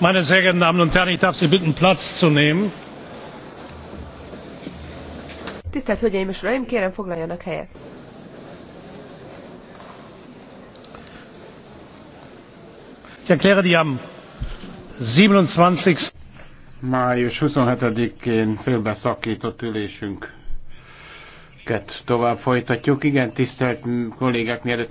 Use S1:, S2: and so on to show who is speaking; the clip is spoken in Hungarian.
S1: meine sehr geehrten damen und herren! ich darf sie bitten platz zu nehmen.
S2: tisztelt hölgyeim és uraim kérem foglaljanak helyet.
S3: ich erkläre die am.
S4: május twenty én félbe félbeszaktott ülésünket tovább folytatjuk. igen tisztelt kollégák mielőtt